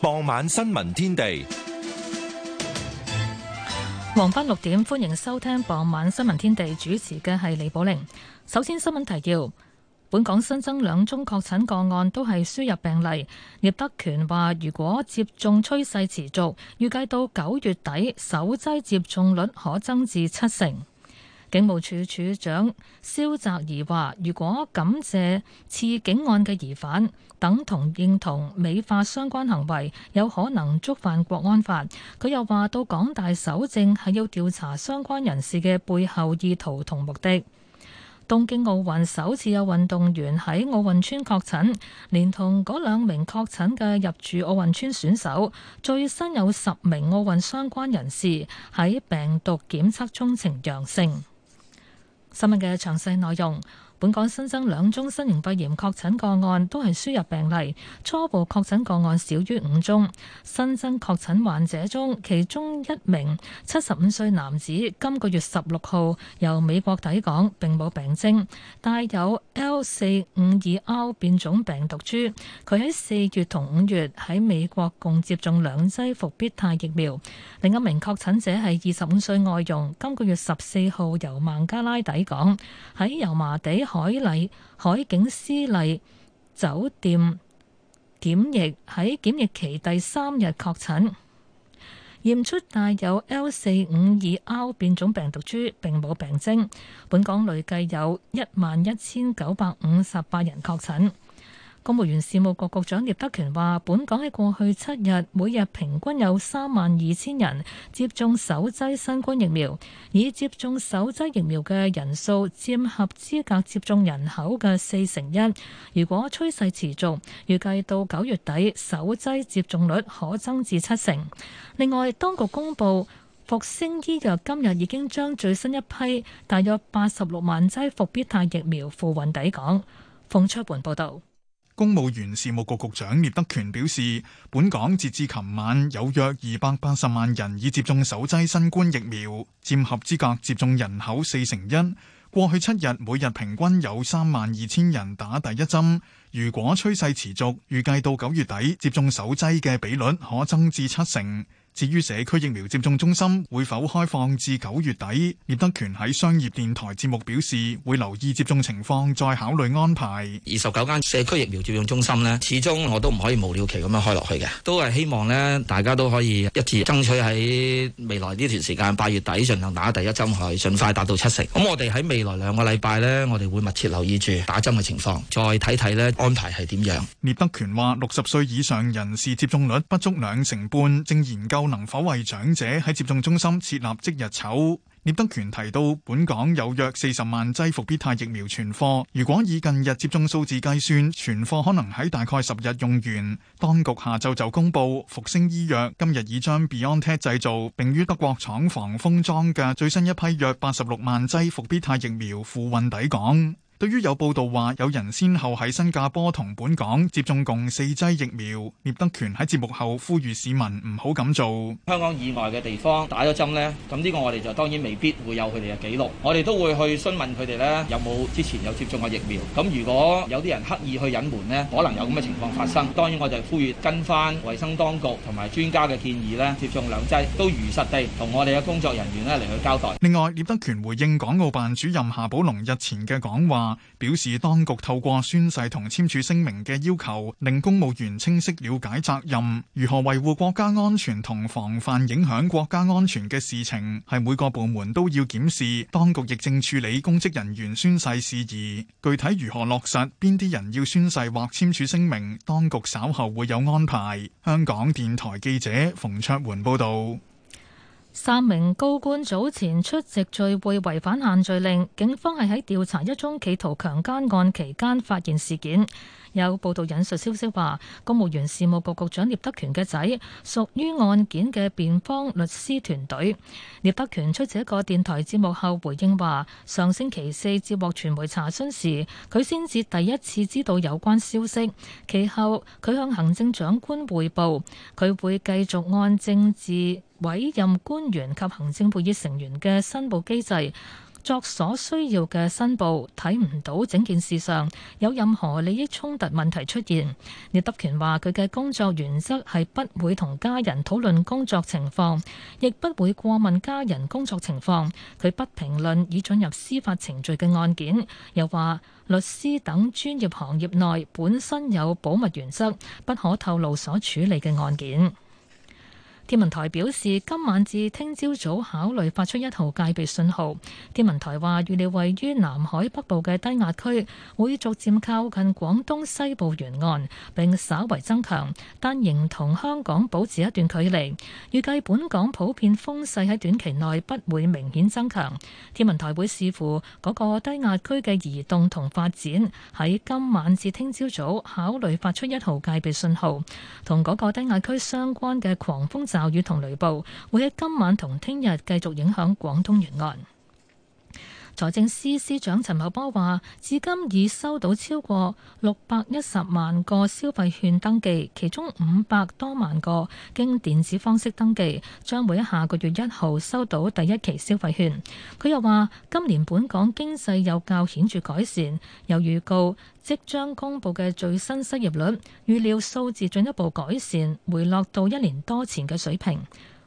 傍晚新聞天地，黃昏六點，歡迎收聽傍晚新聞天地，主持嘅係李寶玲。首先，新聞提要：本港新增兩宗確診個案，都係輸入病例。聶德權話，如果接種趨勢持續，預計到九月底，首劑接種率可增至七成。警務處處長蕭澤怡話，如果感謝刺警案嘅疑犯，等同認同美化相關行為，有可能觸犯國安法。佢又話，到港大搜證係要調查相關人士嘅背後意圖同目的。東京奧運首次有運動員喺奧運村確診，連同嗰兩名確診嘅入住奧運村選手，最新有十名奧運相關人士喺病毒檢測中呈陽性。新聞嘅詳細內容。本港新增兩宗新型肺炎病毒確診個案，都係輸入病例。初步確診個案少於五宗。新增確診患者中，其中一名七十五歲男子，今個月十六號由美國抵港，並冇病徵，帶有 L 四五二 R 變種病毒株。佢喺四月同五月喺美國共接種兩劑復必泰疫苗。另一名確診者係二十五歲外傭，今個月十四號由孟加拉抵港，喺油麻地海麗海景絲麗酒店檢疫，喺檢疫期第三日確診，驗出帶有 L 四五二 R 變種病毒株，並冇病徵。本港累計有一萬一千九百五十八人確診。公務員事務局局長聶德權話，本港喺過去七日，每日平均有三萬二千人接種首劑新冠疫苗，已接種首劑疫苗嘅人數佔合資格接種人口嘅四成一。如果趨勢持續，預計到九月底首劑接種率可增至七成。另外，當局公布復星醫藥今日已經將最新一批大約八十六萬劑復必泰疫苗付運抵港。馮卓桓報導。公務員事務局局長聶德權表示，本港截至琴晚有約二百八十萬人已接種首劑新冠疫苗，佔合資格接種人口四成一。過去七日每日平均有三萬二千人打第一針，如果趨勢持續，預計到九月底接種首劑嘅比率可增至七成。至於社區疫苗接種中心會否開放至九月底，聶德權喺商業電台節目表示，會留意接種情況，再考慮安排。二十九間社區疫苗接種中心咧，始終我都唔可以無了期咁樣開落去嘅，都係希望咧，大家都可以一致爭取喺未來呢段時間八月底盡量打第一針去，去盡快達到七成。咁我哋喺未來兩個禮拜呢，我哋會密切留意住打針嘅情況，再睇睇咧安排係點樣。聶德權話：六十歲以上人士接種率不足兩成半，正研究。能否為長者喺接種中心設立即日籌？聶德權提到，本港有約四十萬劑復必泰疫苗存貨，如果以近日接種數字計算，存貨可能喺大概十日用完。當局下晝就公布，復星醫藥今日已將 BioNTech 製造並於德國廠房封裝嘅最新一批約八十六萬劑復必泰疫苗付運抵港。對於有報道話有人先後喺新加坡同本港接種共四劑疫苗，聶德權喺節目後呼籲市民唔好咁做。香港以外嘅地方打咗針呢，咁呢個我哋就當然未必會有佢哋嘅記錄，我哋都會去詢問佢哋呢，有冇之前有接種過疫苗。咁如果有啲人刻意去隱瞞呢，可能有咁嘅情況發生。當然，我就呼籲跟翻衞生當局同埋專家嘅建議呢，接種兩劑都如實地同我哋嘅工作人員呢嚟去交代。另外，聶德權回應港澳辦主任夏寶龍日前嘅講話。表示當局透過宣誓同簽署聲明嘅要求，令公務員清晰了解責任，如何維護國家安全同防範影響國家安全嘅事情，係每個部門都要檢視。當局亦正處理公職人員宣誓事宜，具體如何落實，邊啲人要宣誓或簽署聲明，當局稍後會有安排。香港電台記者馮卓桓報道。三名高官早前出席聚會違反限聚令，警方係喺調查一宗企圖強姦案期間發現事件。有報道引述消息話公務員事務局局長聶德權嘅仔屬於案件嘅辯方律師團隊。聶德權出席一個電台節目後回應話，上星期四接獲傳媒查詢時，佢先至第一次知道有關消息。其後佢向行政長官匯報，佢會繼續按政治。委任官員及行政會議成員嘅申報機制，作所需要嘅申報，睇唔到整件事上有任何利益衝突問題出現。聶德權話：佢嘅工作原則係不會同家人討論工作情況，亦不會過問家人工作情況。佢不評論已進入司法程序嘅案件，又話律師等專業行業內本身有保密原則，不可透露所處理嘅案件。天文台表示，今晚至聽朝早,早考慮發出一號戒備信號。天文台話，預料位於南海北部嘅低壓區會逐漸靠近廣東西部沿岸，并稍為增強，但仍同香港保持一段距離。預計本港普遍風勢喺短期內不會明顯增強。天文台會視乎嗰、那個低壓區嘅移動同發展，喺今晚至聽朝早,早考慮發出一號戒備信號。同嗰個低壓區相關嘅狂風驟。暴雨同雷暴會喺今晚同聽日繼續影響廣東沿岸。財政司司長陳茂波話：至今已收到超過六百一十萬個消費券登記，其中五百多萬個經電子方式登記，將會喺下個月一號收到第一期消費券。佢又話：今年本港經濟有較顯著改善，又預告即將公佈嘅最新失業率預料數字進一步改善，回落到一年多前嘅水平。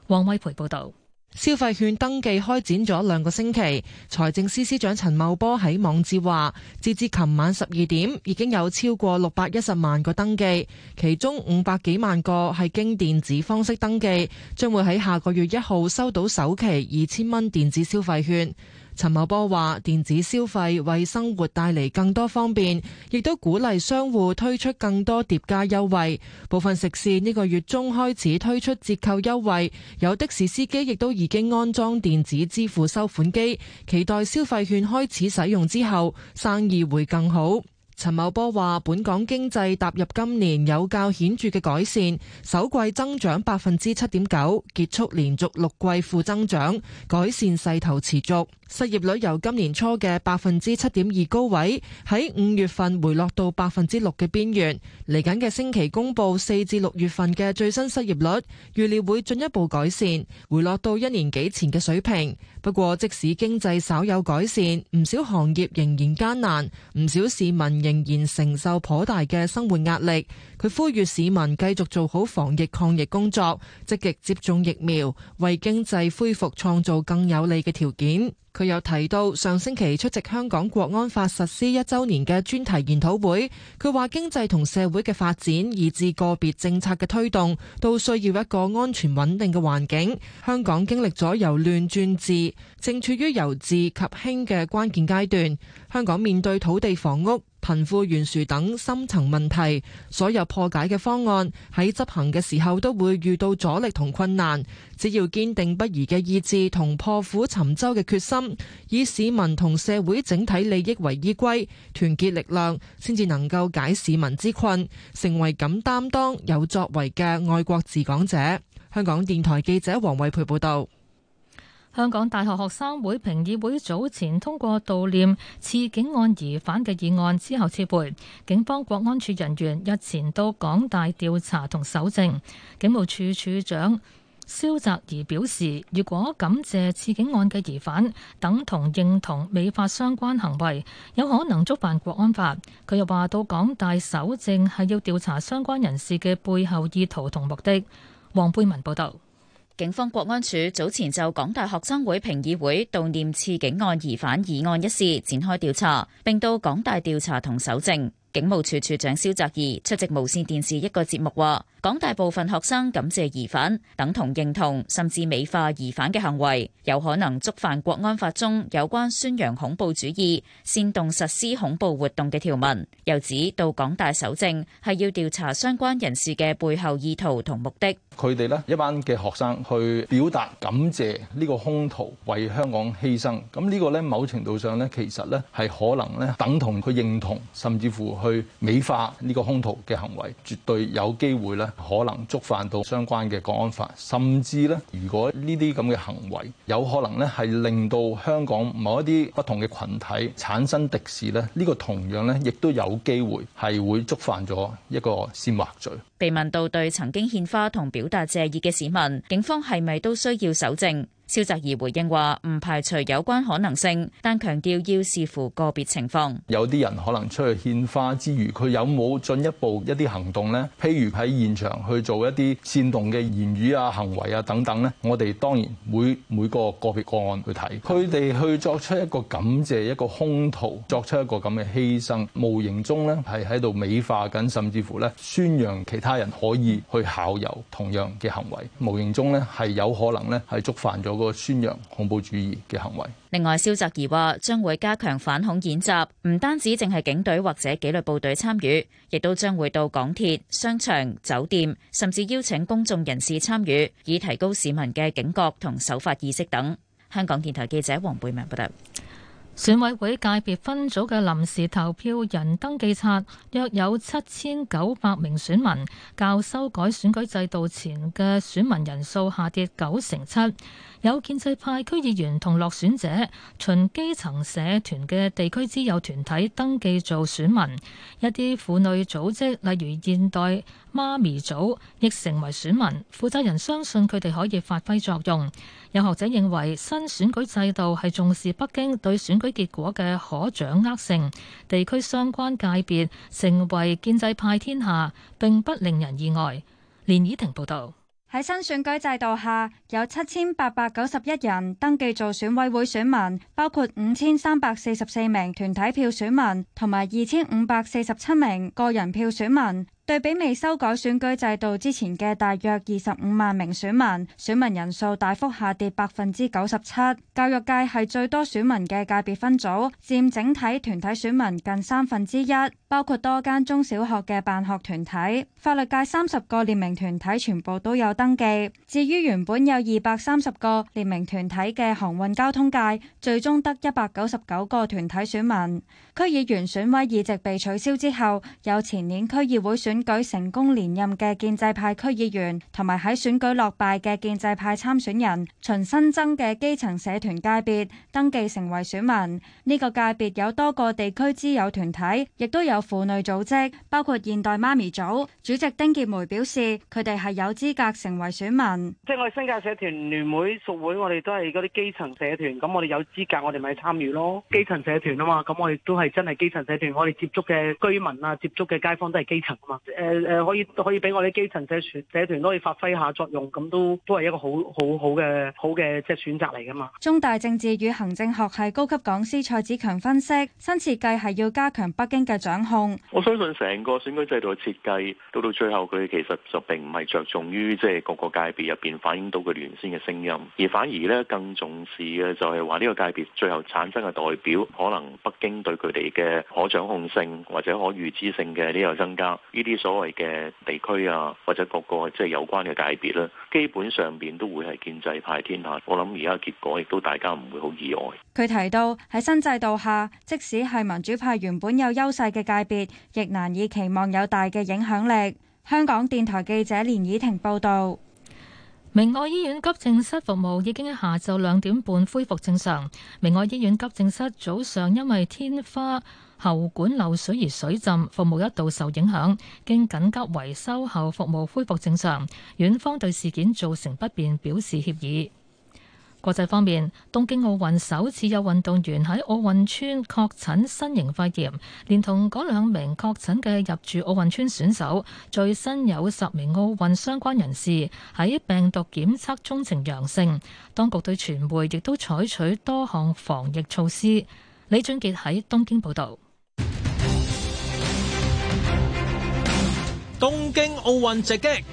王威培報導。消費券登記開展咗兩個星期，財政司司長陳茂波喺網誌話，截至琴晚十二點，已經有超過六百一十萬個登記，其中五百幾萬個係經電子方式登記，將會喺下個月一號收到首期二千蚊電子消費券。陳茂波話：電子消費為生活帶嚟更多方便，亦都鼓勵商戶推出更多疊加優惠。部分食肆呢個月中開始推出折扣優惠，有的士司機亦都已經安裝電子支付收款機，期待消費券開始使用之後，生意會更好。陳茂波話：本港經濟踏入今年有較顯著嘅改善，首季增長百分之七點九，結束連續六季負增長，改善勢頭持續。失業率由今年初嘅百分之七點二高位，喺五月份回落到百分之六嘅邊緣。嚟緊嘅星期公布四至六月份嘅最新失業率，預料會進一步改善，回落到一年幾前嘅水平。不過，即使經濟稍有改善，唔少行業仍然艱難，唔少市民仍然承受頗大嘅生活壓力。佢呼籲市民繼續做好防疫抗疫工作，積極接種疫苗，為經濟恢復創造更有利嘅條件。佢又提到上星期出席香港國安法實施一周年嘅專題研討會，佢話經濟同社會嘅發展，以至個別政策嘅推動，都需要一個安全穩定嘅環境。香港經歷咗由亂轉治，正處於由治及興嘅關鍵階段。香港面對土地房屋、貧富懸殊等深層問題，所有破解嘅方案喺執行嘅時候都會遇到阻力同困難。只要堅定不移嘅意志同破釜沉舟嘅決心，以市民同社會整體利益為依歸，團結力量，先至能夠解市民之困，成為敢擔當、有作為嘅愛國治港者。香港電台記者黃慧培報道。香港大學學生會評議會早前通過悼念刺警案疑犯嘅議案之後撤回，警方國安處人員日前到港大調查同搜證。警務處處長蕭澤頤表示，如果感謝刺警案嘅疑犯等同認同美化相關行為，有可能觸犯國安法。佢又話，到港大搜證係要調查相關人士嘅背後意圖同目的。黃佩文報道。警方國安處早前就港大學生會評議會悼念刺警案疑犯疑案一事展開調查，並到港大調查同搜證。警務處處長蕭澤頤出席無線電視一個節目，話港大部分學生感謝疑犯，等同認同甚至美化疑犯嘅行為，有可能觸犯國安法中有關宣揚恐怖主義、煽動實施恐怖活動嘅條文。又指到港大搜證係要調查相關人士嘅背後意圖同目的。佢哋呢一班嘅學生去表達感謝呢個兇徒為香港犧牲，咁呢個呢某程度上呢，其實呢係可能呢等同佢認同甚至乎。去美化呢個凶徒嘅行為，絕對有機會咧，可能觸犯到相關嘅國安法，甚至咧，如果呢啲咁嘅行為有可能咧，係令到香港某一啲不同嘅群體產生敵視咧，呢、呢個同樣咧，亦都有機會係會觸犯咗一個煽惑罪。被問到對曾經獻花同表達謝意嘅市民，警方係咪都需要搜證？蕭澤頤回應話：唔排除有關可能性，但強調要視乎個別情況。有啲人可能出去獻花之餘，佢有冇進一步一啲行動呢？譬如喺現場去做一啲煽動嘅言語啊、行為啊等等呢，我哋當然每每個個別個案去睇，佢哋去作出一個感謝一個兇徒，作出一個咁嘅犧牲，無形中呢係喺度美化緊，甚至乎咧宣揚其他人可以去效尤同樣嘅行為，無形中呢係有可能呢係觸犯咗。個宣揚恐怖主義嘅行為。另外，蕭澤頤話將會加強反恐演習，唔單止淨係警隊或者紀律部隊參與，亦都將會到港鐵、商場、酒店，甚至邀請公眾人士參與，以提高市民嘅警覺同守法意識等。香港電台記者黃貝明報道。選委會界別分組嘅臨時投票人登記冊約有七千九百名選民，較修改選舉制度前嘅選民人數下跌九成七。有建制派區議員同落選者，循基層社團嘅地區之友團體登記做選民，一啲婦女組織，例如現代媽咪組，亦成為選民。負責人相信佢哋可以發揮作用。有學者認為新選舉制度係重視北京對選舉結果嘅可掌握性，地區相關界別成為建制派天下，並不令人意外。連綺婷報道。喺新選舉制度下，有七千八百九十一人登記做選委會選民，包括五千三百四十四名團體票選民同埋二千五百四十七名個人票選民。對比未修改選舉制度之前嘅大約二十五萬名選民，選民人數大幅下跌百分之九十七。教育界係最多選民嘅界別分組，佔整體團體選民近三分之一。包括多間中小學嘅辦學團體、法律界三十個列明團體全部都有登記。至於原本有二百三十個列明團體嘅航運交通界，最終得一百九十九個團體選民。區議員選委議席被取消之後，有前年區議會選舉成功連任嘅建制派區議員，同埋喺選舉落敗嘅建制派參選人，循新增嘅基層社團界別登記成為選民。呢、這個界別有多個地區之友團體，亦都有。婦女組織包括現代媽咪組主席丁潔梅表示，佢哋係有資格成為選民。即係我哋新界社團聯會屬會，我哋都係嗰啲基層社團，咁我哋有資格，我哋咪參與咯。基層社團啊嘛，咁我哋都係真係基層社團，我哋接觸嘅居民啊，接觸嘅街坊都係基層啊嘛。誒、呃、誒，可以可以俾我哋基層社團社團都可以發揮下作用，咁都都係一個好好好嘅好嘅即係選擇嚟㗎嘛。中大政治與行政學系高級講師蔡子強分析，新設計係要加強北京嘅獎。我相信成個選舉制度嘅設計，到到最後佢其實就並唔係着重於即係各個界別入邊反映到佢原先嘅聲音，而反而咧更重視嘅就係話呢個界別最後產生嘅代表，可能北京對佢哋嘅可掌控性或者可預知性嘅呢個增加。呢啲所謂嘅地區啊，或者各個即係有關嘅界別咧，基本上邊都會係建制派天下。我諗而家結果亦都大家唔會好意外。佢提到喺新制度下，即使係民主派原本有優勢嘅界界別亦難以期望有大嘅影響力。香港電台記者連以婷報導。明愛醫院急症室服務已經喺下晝兩點半恢復正常。明愛醫院急症室早上因為天花喉管漏水而水浸，服務一度受影響，經緊急維修後服務恢復正常。院方對事件造成不便表示歉意。國際方面，東京奧運首次有運動員喺奧運村確診新型肺炎，連同嗰兩名確診嘅入住奧運村選手，最新有十名奧運相關人士喺病毒檢測中呈陽性。當局對傳媒亦都採取多項防疫措施。李俊杰喺東京報道。東京奧運直擊。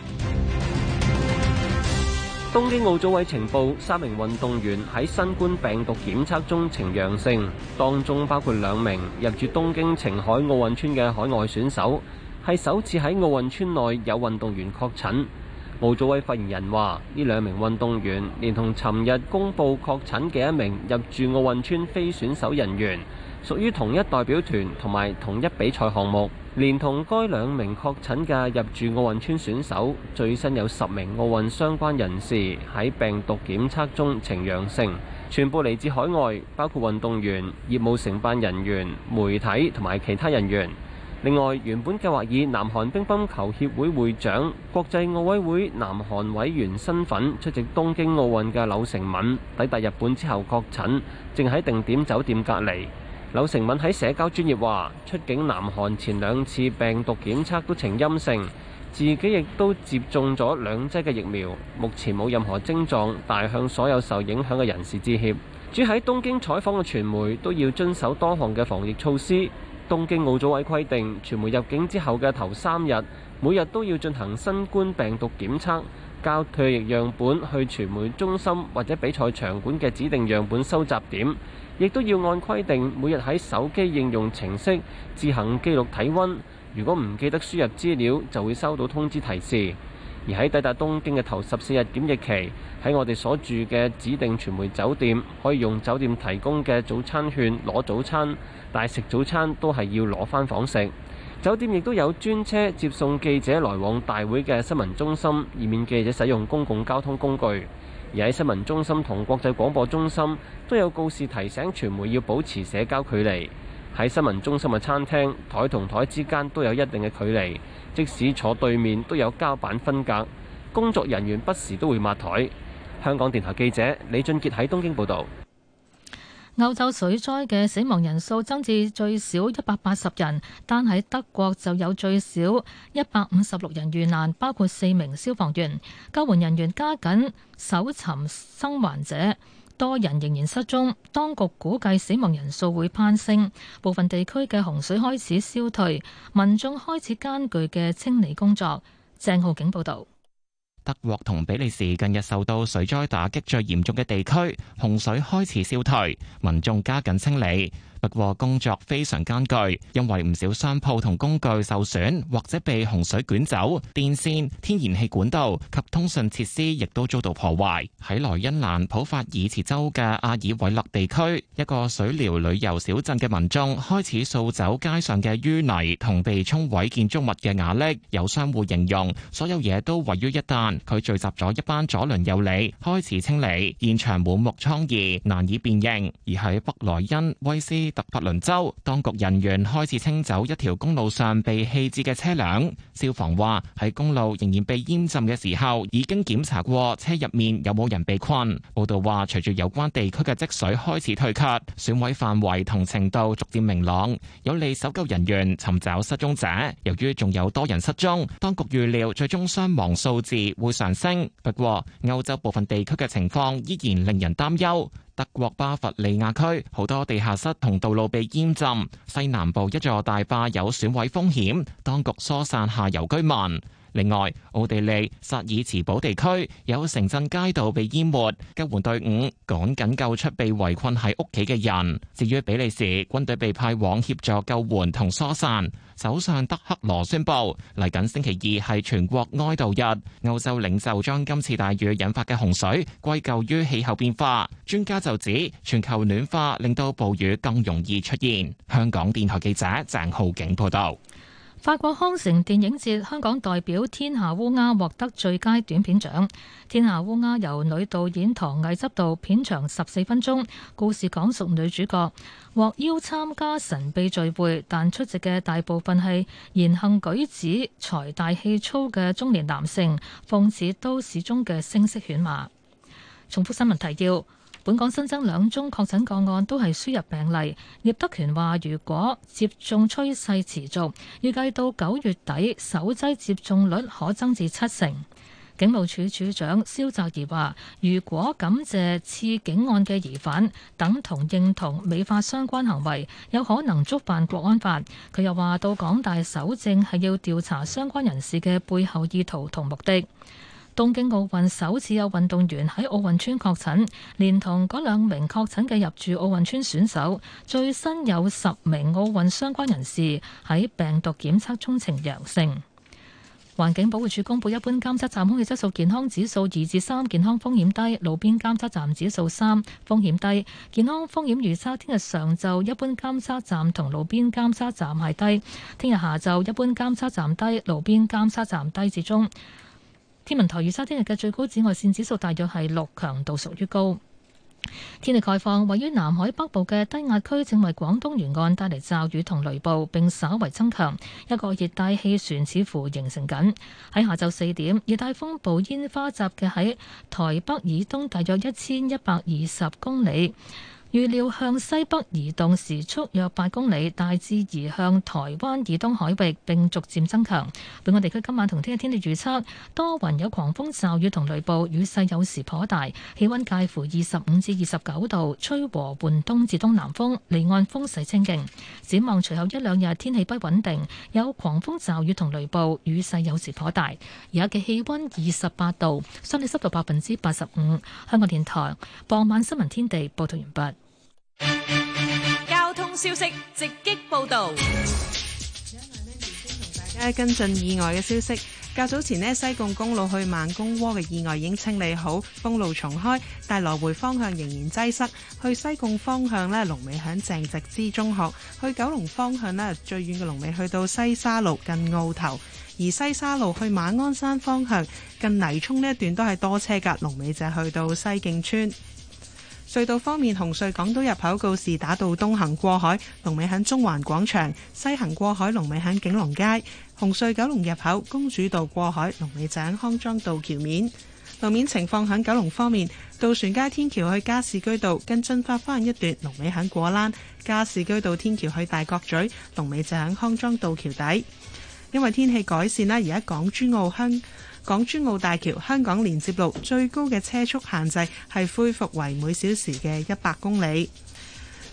東京奧組委情報：三名運動員喺新冠病毒檢測中呈陽性，當中包括兩名入住東京晴海奧運村嘅海外選手，係首次喺奧運村內有運動員確診。奧組委發言人話：呢兩名運動員連同尋日公布確診嘅一名入住奧運村非選手人員，屬於同一代表團同埋同一比賽項目。連同該兩名確診嘅入住奧運村選手，最新有十名奧運相關人士喺病毒檢測中呈陽性，全部嚟自海外，包括運動員、業務承辦人員、媒體同埋其他人員。另外，原本計劃以南韓乒乓球協會會長、國際奧委會南韓委員身份出席東京奧運嘅柳成敏，抵達日本之後確診，正喺定點酒店隔離。柳承敏喺社交專業話：出境南韓前兩次病毒檢測都呈陰性，自己亦都接種咗兩劑嘅疫苗，目前冇任何症狀。但向所有受影響嘅人士致歉。駐喺東京採訪嘅傳媒都要遵守多項嘅防疫措施。東京奧組委規定，傳媒入境之後嘅頭三日，每日都要進行新冠病毒檢測，交唾液樣本去傳媒中心或者比賽場館嘅指定樣本收集點。亦都要按規定每日喺手機應用程式自行記錄體溫，如果唔記得輸入資料，就會收到通知提示。而喺抵達東京嘅頭十四日檢疫期，喺我哋所住嘅指定傳媒酒店，可以用酒店提供嘅早餐券攞早餐，但係食早餐都係要攞翻房食。酒店亦都有專車接送記者來往大會嘅新聞中心，以免記者使用公共交通工具。而喺新聞中心同國際廣播中心都有告示提醒傳媒要保持社交距離。喺新聞中心嘅餐廳，台同台之間都有一定嘅距離，即使坐對面都有膠板分隔。工作人員不時都會抹台。香港電台記者李俊傑喺東京報導。歐洲水災嘅死亡人數增至最少一百八十人，單喺德國就有最少一百五十六人遇難，包括四名消防員。救援人員加緊搜尋生還者，多人仍然失蹤。當局估計死亡人數會攀升。部分地區嘅洪水開始消退，民眾開始艱巨嘅清理工作。鄭浩景報道。德國同比利時近日受到水災打擊最嚴重嘅地區，洪水開始消退，民眾加緊清理。不過工作非常艱巨，因為唔少商鋪同工具受損，或者被洪水捲走；電線、天然氣管道及通訊設施亦都遭到破壞。喺萊茵蘭普法爾茨州嘅阿爾韋勒地區，一個水療旅遊小鎮嘅民眾開始掃走街上嘅淤泥同被沖毀建築物嘅瓦礫。有商戶形容，所有嘢都毀於一旦。佢聚集咗一班左鄰右里，開始清理，現場滿目瘡痍，難以辨認。而喺北萊茵威斯。特法倫州當局人員開始清走一條公路上被棄置嘅車輛。消防話喺公路仍然被淹浸嘅時候，已經檢查過車入面有冇人被困。報道話，隨住有關地區嘅積水開始退卻，損毀範圍同程度逐漸明朗，有利搜救人員尋找失蹤者。由於仲有多人失蹤，當局預料最終傷亡數字會上升。不過，歐洲部分地區嘅情況依然令人擔憂。德國巴伐利亞區好多地下室同道路被淹浸，西南部一座大壩有損毀風險，當局疏散下游居民。另外，奧地利薩爾茨堡地區有城鎮街道被淹沒，救援隊伍趕緊救出被圍困喺屋企嘅人。至於比利時，軍隊被派往協助救援同疏散。首相德克羅宣布，嚟緊星期二係全國哀悼日。歐洲領袖將今次大雨引發嘅洪水歸咎於氣候變化。專家就指，全球暖化令到暴雨更容易出現。香港電台記者鄭浩景報道。法國康城電影節香港代表《天下烏鴉》獲得最佳短片獎，《天下烏鴉》由女導演唐藝執導，片長十四分鐘，故事講述女主角獲邀參加神秘聚會，但出席嘅大部分係言行舉止財大氣粗嘅中年男性，諷刺都市中嘅聲色犬馬。重複新聞提要。本港新增兩宗確診個案都係輸入病例。聶德權話：如果接種趨勢持續，預計到九月底首劑接種率可增至七成。警務處處長蕭澤頤話：如果感謝刺警案嘅疑犯等同認同美化相關行為，有可能觸犯國安法。佢又話：到港大搜證係要調查相關人士嘅背後意圖同目的。東京奧運首次有運動員喺奧運村確診，連同嗰兩名確診嘅入住奧運村選手，最新有十名奧運相關人士喺病毒檢測中呈陽性。環境保護署公布一般監測站空氣質素健康指數二至三，健康風險低；路邊監測站指數三，風險低。健康風險預測：聽日上晝一般監測站同路邊監測站係低，聽日下晝一般監測站低，路邊監測站低至中。天文台預測，聽日嘅最高紫外線指數大約係六，強度屬於高。天氣概況：位於南海北部嘅低壓區，正為廣東沿岸帶嚟驟雨同雷暴，並稍為增強一個熱帶氣旋似乎形成緊。喺下晝四點，熱帶風暴煙花集結喺台北以東大約一千一百二十公里。預料向西北移動，時速約八公里，大致移向台灣以東海域，並逐漸增強。本港地區今晚同聽日天氣預測多雲，有狂風、驟雨同雷暴，雨勢有時頗大。氣温介乎二十五至二十九度，吹和緩東至東南風，離岸風勢清勁。展望隨後一兩日天氣不穩定，有狂風、驟雨同雷暴，雨勢有時頗大。而家嘅氣温二十八度，相對濕度百分之八十五。香港電台傍晚新聞天地報道完畢。交通消息直擊報道。同大家跟進意外嘅消息。較早前咧，西貢公路去萬公窩嘅意外已經清理好，公路重開，但來回方向仍然擠塞。去西貢方向咧，龍尾響鄭植之中學；去九龍方向咧，最遠嘅龍尾去到西沙路近澳頭。而西沙路去馬鞍山方向近泥涌呢一段都係多車噶，龍尾就去到西徑村。隧道方面，紅隧港島入口告士打道東行過海，龍尾喺中環廣場；西行過海，龍尾喺景隆街。紅隧九龍入口公主道過海，龍尾就喺康莊道橋面。路面情況喺九龍方面，渡船街天橋去加士居道跟進發灣一段，龍尾喺果欄；加士居道天橋去大角咀，龍尾就喺康莊道橋底。因為天氣改善啦，而家港珠澳香。港珠澳大橋、香港連接路最高嘅車速限制係恢復為每小時嘅一百公里。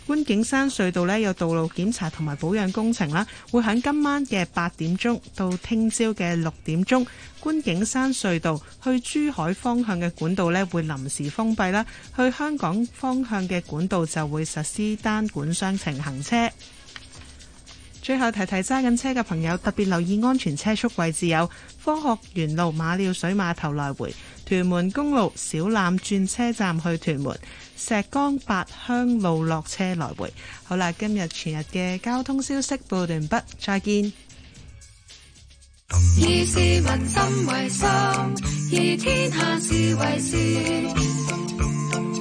觀景山隧道呢有道路檢查同埋保養工程啦，會喺今晚嘅八點鐘到聽朝嘅六點鐘，觀景山隧道去珠海方向嘅管道呢會臨時封閉啦，去香港方向嘅管道就會實施單管雙程行車。最後提提揸緊車嘅朋友，特別留意安全車速位置，有科學園路馬料水碼頭來回、屯門公路小欖轉車站去屯門、石崗八鄉路落車來回。好啦，今日全日嘅交通消息報完畢，再見。以市民心為心，以天下事為事。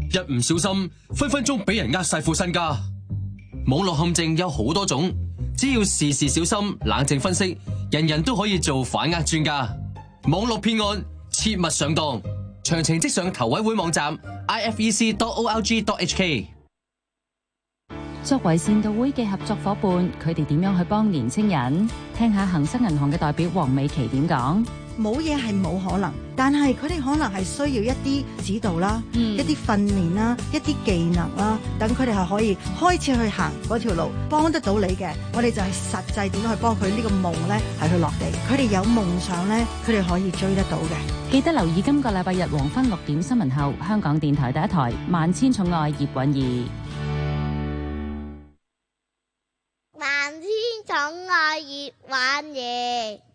一唔小心，分分鐘俾人呃晒副身家。網絡陷阱有好多種，只要時時小心，冷靜分析，人人都可以做反呃專家。網絡騙案切勿上當，詳情即上投委會網站 ifec.org.hk。作為善導會嘅合作夥伴，佢哋點樣去幫年青人？聽下恒生銀行嘅代表黃美琪點講。冇嘢係冇可能，但係佢哋可能係需要一啲指導啦、嗯，一啲訓練啦，一啲技能啦，等佢哋係可以開始去行嗰條路，幫得到你嘅。我哋就係實際點去幫佢呢個夢呢係去落地。佢哋有夢想呢，佢哋可以追得到嘅。記得留意今個禮拜日黃昏六點新聞後，香港電台第一台《萬千寵愛葉允兒》。萬千寵愛葉允兒。